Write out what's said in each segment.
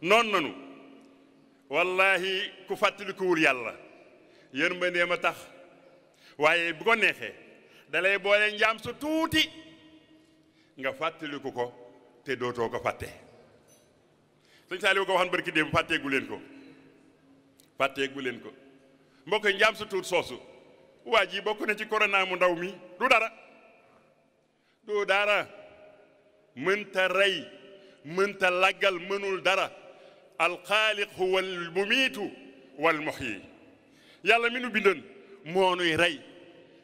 noon nanu wallaahi ku fàttalikuwul yàlla yërmandeem a tax waaye bu ko neexee dalay boole njaam su tuuti nga fàttaliku ko te dootoo ko fàtte sëñ Saaliw ko waxan barki démb fàtteegu leen ko fàtteegu leen ko mbokk njaam su tuut soosu waa ji bokk na ci corona mu ndaw mi du dara du dara mënta rey mënta laggal mënul dara alxaaliq huwa almumiitu yi yàlla mi nu bindan moo nuy rey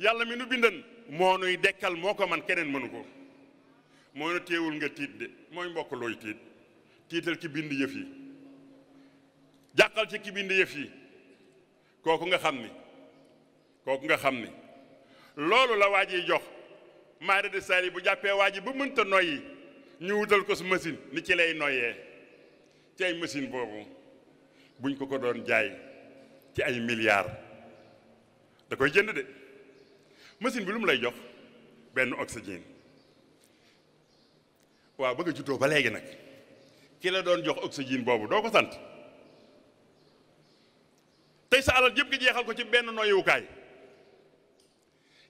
yàlla mi nu bindan moo nuy dekkal moo ko man keneen mënu ko moo nu teewul nga tiit de mooy mbokk looy tiit tiital ki bind yëf yi jàqal ci ki bind yëf yi kooku nga xam ni kooku nga xam ni loolu la waa jiy jox maare de saali bu jàppee waa ji ba mënta noyyi ñu wutal ko su machine ni ci lay noyee ci ay machine boobu buñ ko ko doon jaay ci ay milliards da koy jënd de machine bi lu mu lay jox benn oxygène waaw bëgg a jutoo ba léegi nag ki la doon jox oxygène boobu doo ko sant tey sa alal yëpp gi jeexal ko ci benn noyyukaay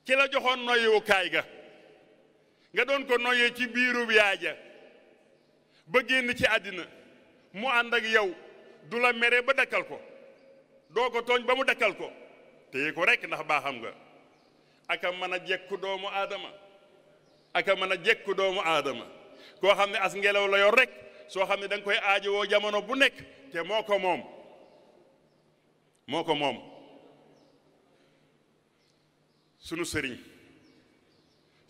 ki la joxoon noyyukaay ga nga doon ko noyyee ci biirub ja ba génn ci àddina mu ànd ak yow du la mere ba dakkal ko doo ko tooñ ba mu dakkal ko te ko rek ndax xam nga aka mën a jekku doomu aadama aka mën a jekku doomu aadama koo xam ne as ngelaw la yor rek soo xam ne da nga koy aajowoo jamono bu nekk te moo ko moom moo ko moom sunu sëriñ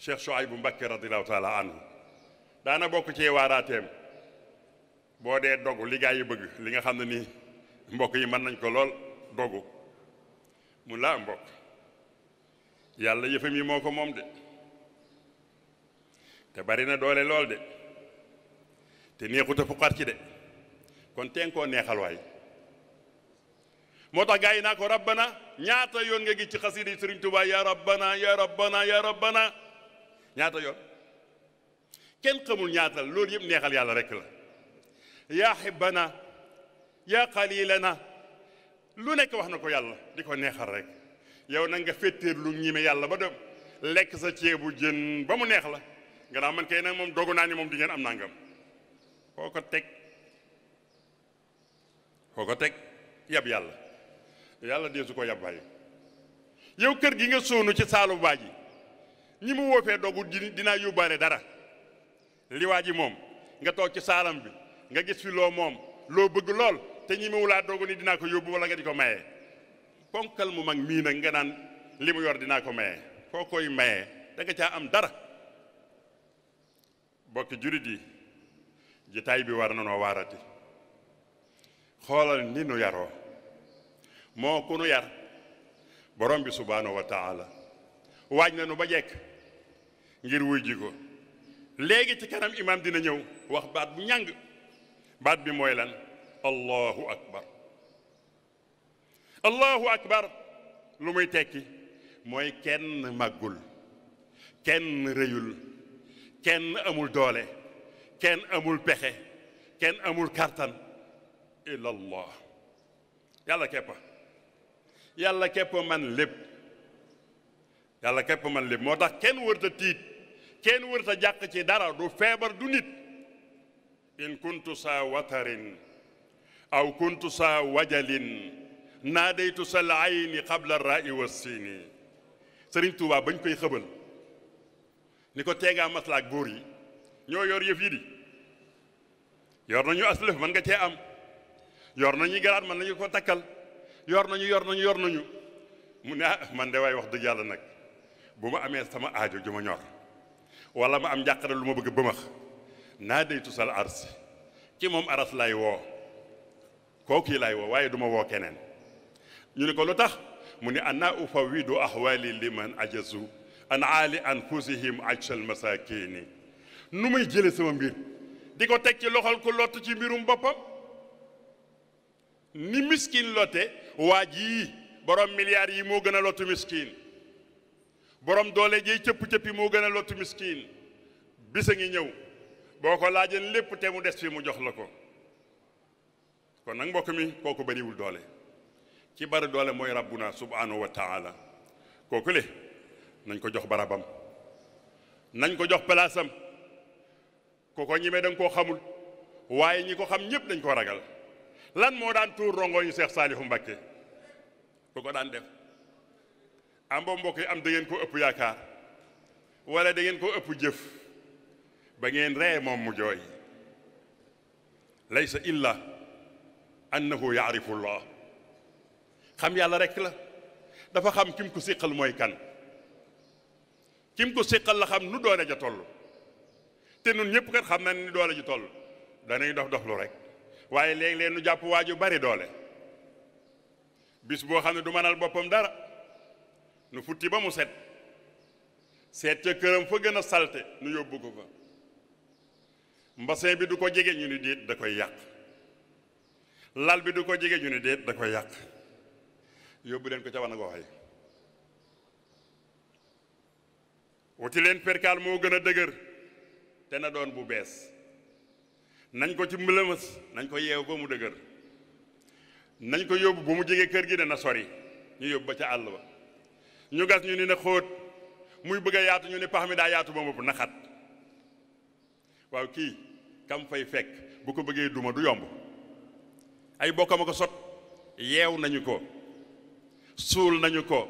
Cheikh Souhaïbou Mbacké radiallahu taala anhu daana bokk ci waaraateem boo dee dogu li gaa yi bëgg li nga xam ne nii mbokk yi mën nañ ko lool dogu mu laa mbokk yàlla yëfam yi moo ko moom de te bari na doole lool de te neexut a ci de kon teen koo neexal waay moo tax gaa yi naa ko rabbana ñaata yoon nga gis ci xasida yi Sëriñ ya rabbana ya rabbana ya rabbana ñaata yoon kenn xamul ñaata loolu yëpp neexal yàlla rek la yaa xibbana yaa xalilana lu nekk wax na ko yàlla di ko neexal rek yow nag nga féttéer lu ñime yàlla ba dem lekk sa ceebu jën ba mu neex la nga naa man kay nag moom dogu naa ni moom di ngeen am nangam foo ko teg foo teg yab yàlla yàlla dee ko yab bàyyi yow kër gi nga sóonu ci saalu baa ji ñi mu woofee dogu dinaa yóbbaale dara liwaa ji moom nga toog ci saalam bi nga gis fi loo moom loo bëgg lool te ñi mu laa doogu ni dinaa ko yóbbu wala nga di ko maye ponkal mu mag mii nag nga naan li mu yor dinaa ko maye koo koy maye danga nga caa am dara bokki jurit yi jitaay bi war na noo waarati xoolal ni nu yaroo moo ku nu yar borom bi subhaanahu wa taala waaj na nu ba jekk ngir wuy ji ko léegi ci kanam imaam dina ñëw wax baat bu ñàng baat bi mooy lan allahu akbar allahu akbar lu muy tekki mooy kenn màggul kenn rëyul kenn amul doole kenn amul pexe kenn amul kàttan illallah yàlla keppa yàlla keppa man lépp yàlla keppa man lépp moo tax kenn wërta tiit kenn wërta jàq ci dara du feebar du nit in kuntu saa watarin aw kuntu saa wajalin naadaytu sa laayni qabla raai wa siini sëriñ Tuubaa bañ koy ni ko teegaa maslaak góor yi ñoo yor yëf yi di yor nañu aslëf mën nga cee am yor na ñu garaat mën nañu ko takkal yor nañu yor nañu yor nañu mu ne ah man de waay wax dëgg yàlla nag bu ma amee sama aajo ju ma ñor wala ma am njàqare lu ma bëgg bëmax naa day tusal ars ki moom aras lay woo kooku lay woo waaye du woo keneen ñu ne ko lu tax mu ne ana ufawidu ahwali liman ajazu an aali anfusihim ajsal masakini nu may jële sama mbir di ko teg ci loxol ku lott ci mbirum boppam ni miskin lotte waa ji borom milliards yi moo gën a lottu miskin borom doole jiy cëpp-cëppi moo gën a lottu miskin bisa ngi ñëw boo ko laajee lépp te mu des fi mu jox la ko kon nag mbokk mi kooku bariwul doole ci bari doole mooy rabbuna subhanahu wa taala kooku le nañ ko jox barabam nañ ko jox palaasam kookoo ñi ñimee da koo xamul waaye ñi ko xam ñëpp dañ koo ragal lan moo daan tuur rongo ñu Seex Saalihu Mbàkke ku daan def am boo mbokk yi am da ngeen ko ëpp yaakaar walla dangeen koo ko ëpp jëf ba ngeen ree moom mu jooy laysa illa annahu yaarifu llah xam yàlla rek la dafa xam kim ko siqal mooy kan kim ko siqal la xam nu doole ja tollu te nun ñëpp kat xam na ni doole ji toll danañ dox doxlu rek waaye léeg-léeg nu jàpp waaju bari doole bis boo xam ne du manal boppam dara nu futti ba mu set seet ca këram fa gën a salte nu yóbbu ko fa mbasin bi du ko jege ñu ni déet da koy yàq lal bi du ko jege ñu ni déet da koy yàq yóbbu leen ko ca wan wuti leen perkaal moo gën a dëgër te na doon bu bees nañ ko ci mbëlëmës nañ ko yeew ba mu dëgër nañ ko yóbbu bu mu jege kër gi ne na sori ñu yóbbu ba ca àll ba ñu gas ñu ni na xóot muy bëgg a yaatu ñu ne pax mi daa yaatu ba mu na xat waaw kii kam fay fekk bu ko bëggee duma du yomb ay bokkam a ko sot yeew nañu ko suul nañu ko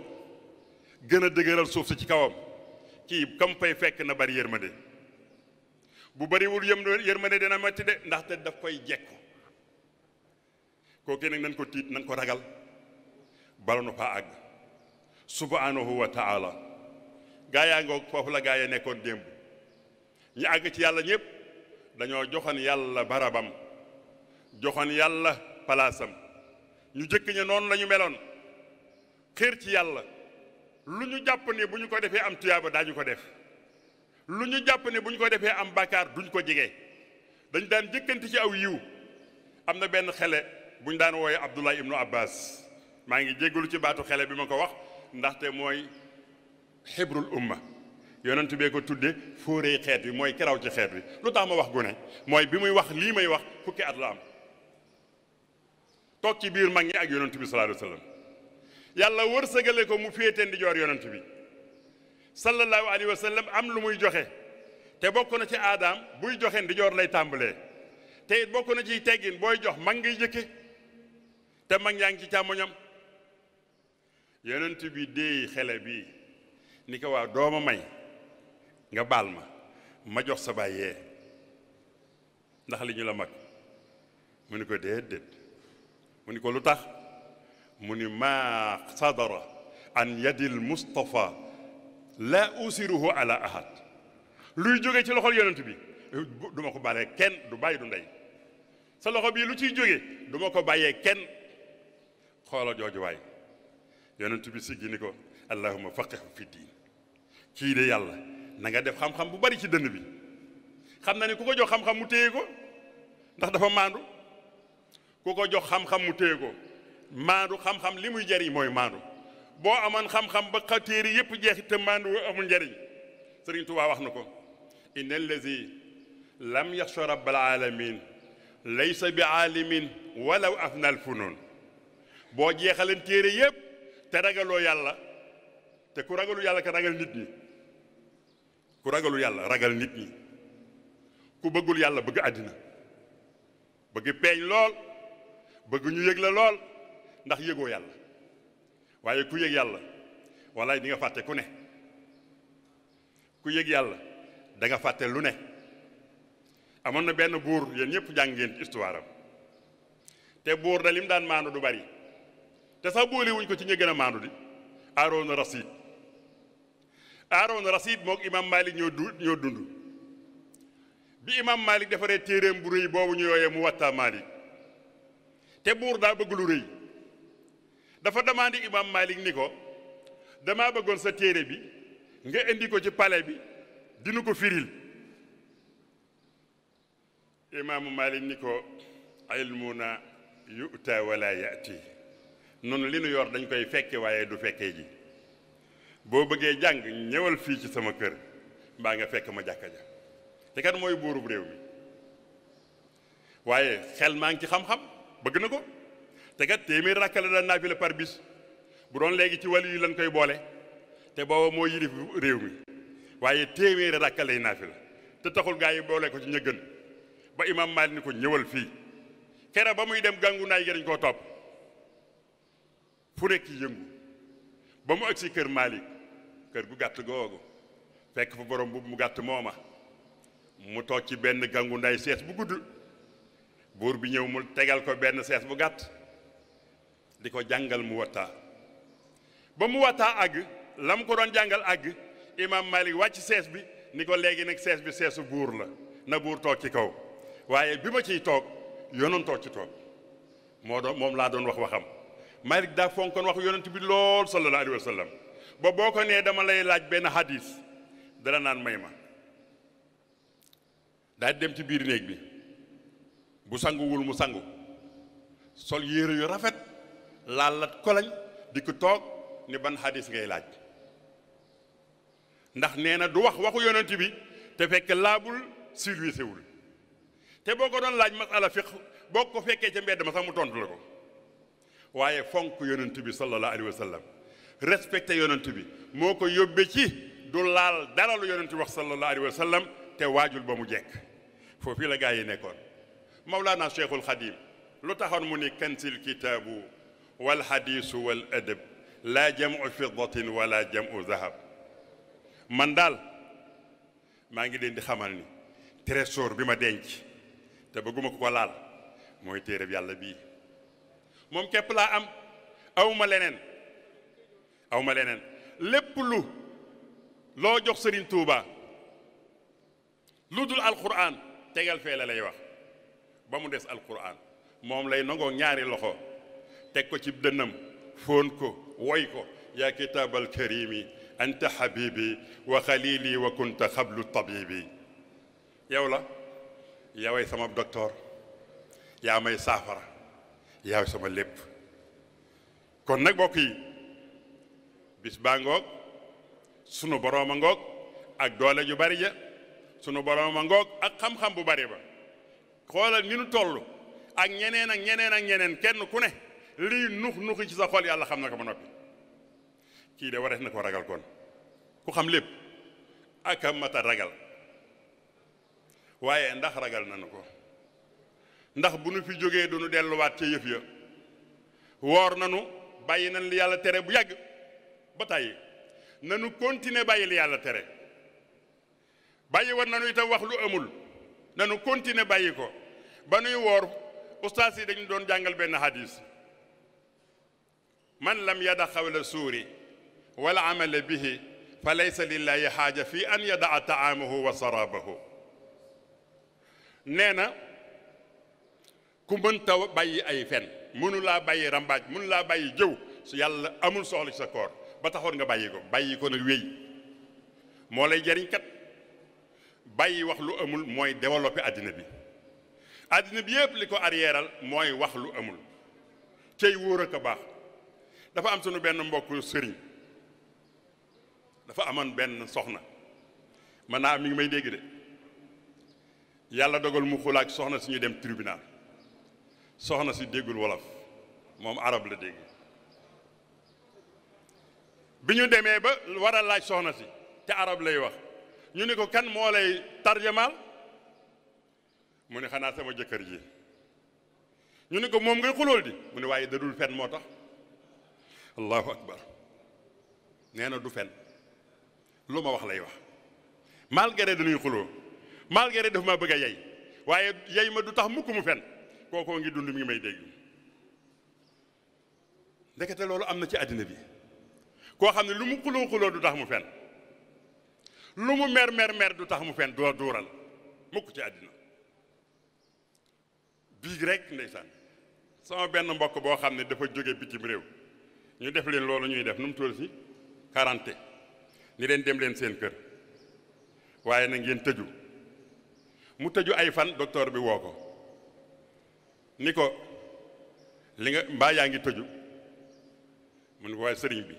gën a dëgëral suuf si ci kawam kii kam fay fekk na bari yërmande bu bariwul yërmande dina metti de ndaxte daf koy jekku kooku nag nan ko tiit nan ko ragal bala nu faa àgg subhanahu wa taala gaa yaa ngoog foofu la gaa ya nekkoon démb ñi àgg ci yàlla ñëpp dañoo joxoon yàlla barabam joxoon yàlla palaasam ñu jëkk ña noonu lañu meloon xéer ci yàlla lu ñu jàpp ne bu ñu ko defee am tuyaaba daañu ko def lu ñu jàpp ne bu ñu ko defee am bàkkaar duñ ko jege dañ daan jëkkante ci aw yiw am na benn xele bu ñu daan wooye Abdullah ibnu Abbas maa ngi jéggalu ci baatu xele bi ma ko wax ndaxte mooy xibrul umma yonent bee ko tudde fóoree xeet wi mooy keraw ci xeet bi lu tax ma wax gune mooy bi muy wax lii may wax fukki at la am toog ci biir mag ñi ak yonent bi sallallahu alayhi wa yàlla wërsëgale ko mu féete ndijoor yonent bi sallallahu alayhi wa sallam am lu muy joxe te bokk na ci aadaam buy joxe ndijoor lay tàmbalee te it bokk na ciy teggin booy jox mag ngay jëkke te mag yaa ngi ci càmmoñam yonent bi déey xele bii ni ko waa doomu may nga baal ma ma jox sa bàyyee ndax li ñu la mag mu ni ko déedéet mu ni ko lu tax mu ni maa sadara an yadil mustafa laa usiruhu ala ahad luy jóge ci loxol yonent bi du ma ko bàyyee kenn du bàyyi du ndey sa loxo bii lu ciy jóge du ma ko bàyyee kenn xoola jooju waay yonent bi siggi ni ko allahuma faqih fi diin kii de yàlla na nga def xam-xam bu bari ci dënn bi xam na ni ku ko jox xam-xam mu téye ko ndax dafa maandu ku ko jox xam-xam mu téye ko maandu xam-xam li muy jariñ mooy maandu boo amoon xam-xam ba xatéeri yépp jeexi te maandu amul njariñ Sëriñ Tuubaa wax na ko inna allazi lam yaxsha rabbal alamin laysa bi aalimin walaw afnal funoon boo jeexaleen téere yépp te ragaloo yàlla te ku ragalu yàlla ka ragal nit ñi ku ragalu yàlla ragal nit ñi ku bëggul yàlla bëgg àddina bëgg peeñ lool bëgg ñu yëg la lool ndax yëgoo yàlla waaye ku yëg yàlla walaay di nga fàtte ku ne ku yëg yàlla danga nga fàtte lu ne amoon na benn buur yéen ñëpp jàng ngeen histoire te buur da lim daan maandu du bari te sax boolewuñ ko ci ñu gën a maandu di aaroona rasiid Aaron Rasiid mook imaam Malik ñoo du ñoo dund bi imaam Malik defaree téeréem bu rëy boobu ñu yooyee mu wattaa Malik te buur daa bëgg lu dafa demandé imaam Malik ni ko damaa bëggoon sa téere bi nga indi ko ci palais bi dinu ko firil imaamu Malik ni ko ilmuna yu'ta wala ya'ti noonu li nu yor dañ koy fekke waaye du fekkee ji boo bëggee jàng ñëwal fii ci sama kër mbaa nga fekk ma jàkka ja te mooy buurub réew mi waaye xel maa ngi ci xam-xam bëgg na ko te téeméer rakkale daan naa la par bis bu doon léegi ci wàll yi lañ koy boole te booba moo yilif réew mi waaye téeméeri rakkale yi naa la te taxul gaa yi boole ko ci ña gën ba imaam Maalik ni ko ñëwal fii kere ba muy dem gàngu naay gi dañ koo topp fu nekk yëngu ba mu agsi kër Malick kër gu gàtt googu fekk fa borom bu mu gàtt mooma mu toog ci benn gangu nday sees bu gudd buur bi ñëw mu tegal ko benn sees bu gàtt di ko jàngal mu wattaa ba mu wattaa àgg la mu ko doon jàngal àgg imaam Malick wàcc sees bi ni ko léegi nag sees bi seesu buur la na buur toog ci kaw waaye bi ma ciy toog yonoon toog ci toog moo doon moom laa doon wax waxam Malik daa fonkoon waxu yonent bi lool sallallahu alayhi wa sallam ba boo ko nee dama lay laaj benn hadis dara naan may ma daa dem ci biir néeg bi bu sanguwul mu sangu sol yére yu rafet laalat kolañ di ko toog ni ban hadis ngay laaj ndax nee na du wax waxu yonent bi te fekk laabul servicewul te boo ko doon laaj masala fiq boo ko fekkee ca mbedd ma sax mu tontu la ko waaye fonk yonent bi sallallahu alayhi wa sallam respecté yonent bi moo ko yóbbee ci du laal dara lu yonent bi wax sallallahu alayhi wa sallam te waajul ba mu jekk foofu la gaa yi nekkoon Mawlana Cheikhul Xadim lu taxoon mu ni kansil kitaabu wal hadiisu wal adab laa jamu fiddatin wala jamu zahab man daal maa ngi leen di xamal ni trésor bi ma denc te bëgguma ko ko laal mooy téereb yàlla bii moom képp laa am awma leneen awma leneen lépp lu loo jox sëriñ Touba lu dul alquran tegal fee lay wax ba mu des alquran moom lay nangoo ñaari loxo teg ko ci dënnam fóon ko woy ko yaa kitaabal karimi anta habibi wa xalili wa kunta xablu tabibi yow la yaway sama doktoor yaa may saafara yaay sama lépp kon nag mbokk yi bis baa ngoog sunu borooma ngoog ak doole ju bari ja sunu borooma ngoog ak xam-xam bu bari ba xoolal ni nu toll ak ñeneen ak ñeneen ak ñeneen kenn ku ne lii nux nuxi ci sa xol yàlla xam na ko ba noppi kii de warees na ko ragal koon ku xam lépp ak a mat ragal waaye ndax ragal na nu ko ndax bu nu fi jógee du nu delluwaat ci yëf ya woor nanu bàyyi nañ li yàlla tere bu yàgg ba tàyyi nanu continuer bàyyi li yàlla tere bàyyi woon nanu itam wax lu amul nanu continuer bàyyi ko ba nuy woor ustaas dañu doon jàngal benn hadis man lam yada xawla suuri wala amala bihi fa laysa lillahi xaaja fi an yadaa taamahu wa saraabahu nee na ku mënta bàyyi ay fen mënu laa bàyyi rambaaj mënu laa bàyyi jëw su yàlla amul soxla ci sa koor ba taxoon nga bàyyi ko bàyyi ko nag wéy moo lay jariñ kat bàyyi wax lu amul mooy développer àddina bi àddina bi yëpp li ko arrièreal mooy wax lu amul cey wóor ak a baax dafa am sunu benn mbokk sëriñ dafa amoon benn soxna man naa mi ngi may dégg de yàlla dogal mu xulaak soxna suñu dem tribunal soxna si déggul wolof moom arab la dégg bi ñu demee ba war a laaj soxna si te arab lay wax ñu ne ko kan moo lay tarjamaal mu ne xanaa sama jëkkër ji ñu ne ko moom ngay xulool di mu ne waaye dadul fen moo tax allahu akbar nee na du fen lu ma wax lay wax malgré dañuy xuloo malgré daf ma bëgg a yey waaye yey ma du tax mukk mu fen kookoo ngi dund mi ngi may dégg ndekete loolu am na ci àddina bi koo xam ne lu mu xuloo xuloo du tax mu fen lu mu mer mer mer du tax mu fen doo duural mukk ci àddina biig rek ndeysaan sama benn mbokk boo xam ne dafa jóge bitim réew ñu def leen loolu ñuy def nu mu toll si quarante ni leen dem leen seen kër waaye na ngeen tëju mu tëju ay fan docteur bi woo ko ni ko li nga mbaa yaa ngi tëju mun ko waaye sëriñ bi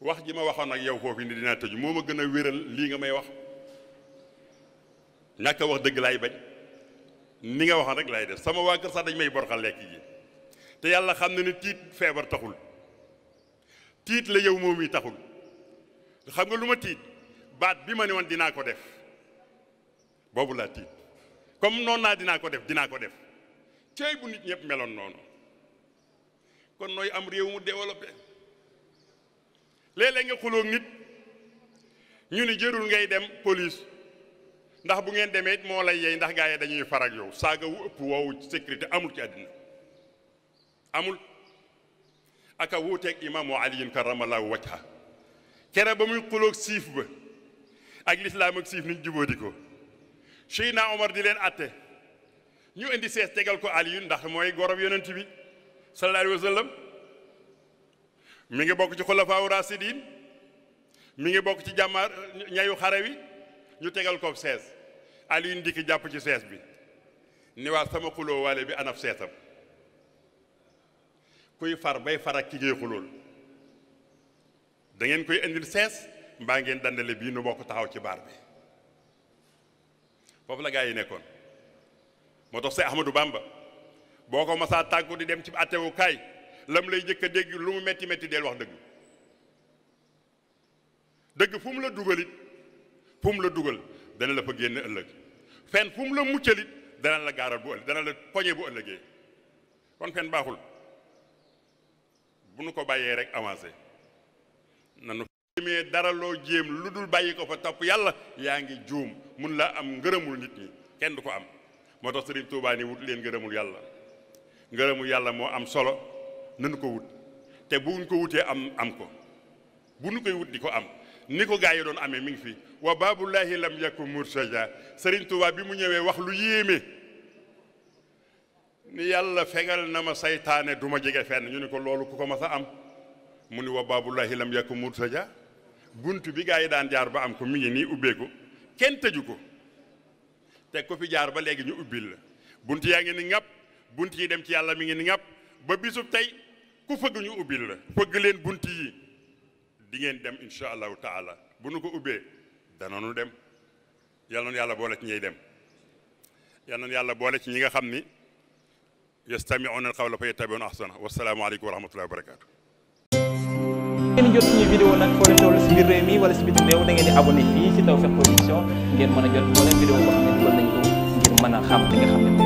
wax ji ma waxoon ak yow foofu ni dinaa tëju moo ma gën a wéral lii nga may wax ñàkk a wax dëgg laay bañ ni nga waxoon rek laay def sama waa kër sax dañ may borxal lekk ji te yàlla xam na ne tiit feebar taxul tiit la yow moom yi taxul xam nga lu ma tiit baat bi ma ne woon dinaa ko def boobu laa tiit comme noonu naa dinaa ko def dinaa ko def tey bu nit ñëpp meloon noonu kon nooy am réew mu développé léeg-léeg nga xuloog nit ñu ni jërul ngay dem police ndax bu ngeen demee moo lay yey ndax gaa yi dañuy farak yow saaga wu ëpp woowu sécurité amul ci àddina amul aka wuuteeg imaamu aliyin karamallahu wajha kere ba muy xuloog siif ba ak lislaam ak siif niñ jubóodi ko Seydina Omar di leen atte ñu indi sees tegal ko Aliyun ndax mooy gorob yonent bi sallallahu alayhi wa sallam ngi bokk ci xulafaawu rasidin mu ngi bokk ci jàmmaar ñayu xare wi ñu tegal ko sees Aliyun dikk jàpp ci sees bi ni waa sama xuloo waale bi anaf seetam kuy far bay far ak ki ngay xulool da koy indil sees mbaa ngeen dandale bii nu bokk taxaw ci baar bi foofu la gaa yi nekkoon moo tax Seex Ahmadou Bamba boo ko masaa tàggu di dem ci attewu kaay lam lay jëkk a dégg lu mu metti metti del wax dëgg dëgg fum la dugalit fu mu la dugal dana la fa génn ëllëg fen fum la muccalit dana la gaaral bu ëllëg dana la poñe bu ëllëgee kon fen baaxul bu nu ko bàyyee rek avancé na jéemee dara loo jéem lu dul bàyyi ko fa tapp yàlla yaa ngi juum mun laa am ngërëmul nit ñi kenn du ko am moo tax sëriñ Tuubaa ni wut leen ngërëmul yàlla ngërëmul yàlla moo am solo nu ko wut te buñ ko wutee am am ko bu nu koy wut di ko am ni ko gaa yi doon amee mi ngi fi wa babullahi lam yakun murtaja sëriñ Tuubaa bi mu ñëwee wax lu yéeme ni yàlla fegal na ma saytaane du ma jege fenn ñu ne ko loolu ku ko mas a am mu ni wa babullahi lam yakun murtaja bunt bi gaa yi daan jaar ba am ko mi ngi nii ubbeeku kenn tëju ko te ku fi ba léegi ñu ubbil la bunt yaa ngi ni ngàpp bunt yi dem ci yàlla mi ngi ni ngàpp ba bisub tey ku fëgg ñu ubbil la fëgg leen bunt yi di ngeen dem incha allah taala bu nu ko ubbee danoonu dem yal noonu yàlla boole ci ñuy dem yal noonu yàlla boole ci ñi nga xam ni yastami'una al-qawla fa yattabi'una ahsana wasalaamu aleykum wa rahmatullahi wa barakatu ngeen jot mi wala si biti réew da ngeen di abonné fii si Tawfekh Production ngeen mën a jot moo nga xam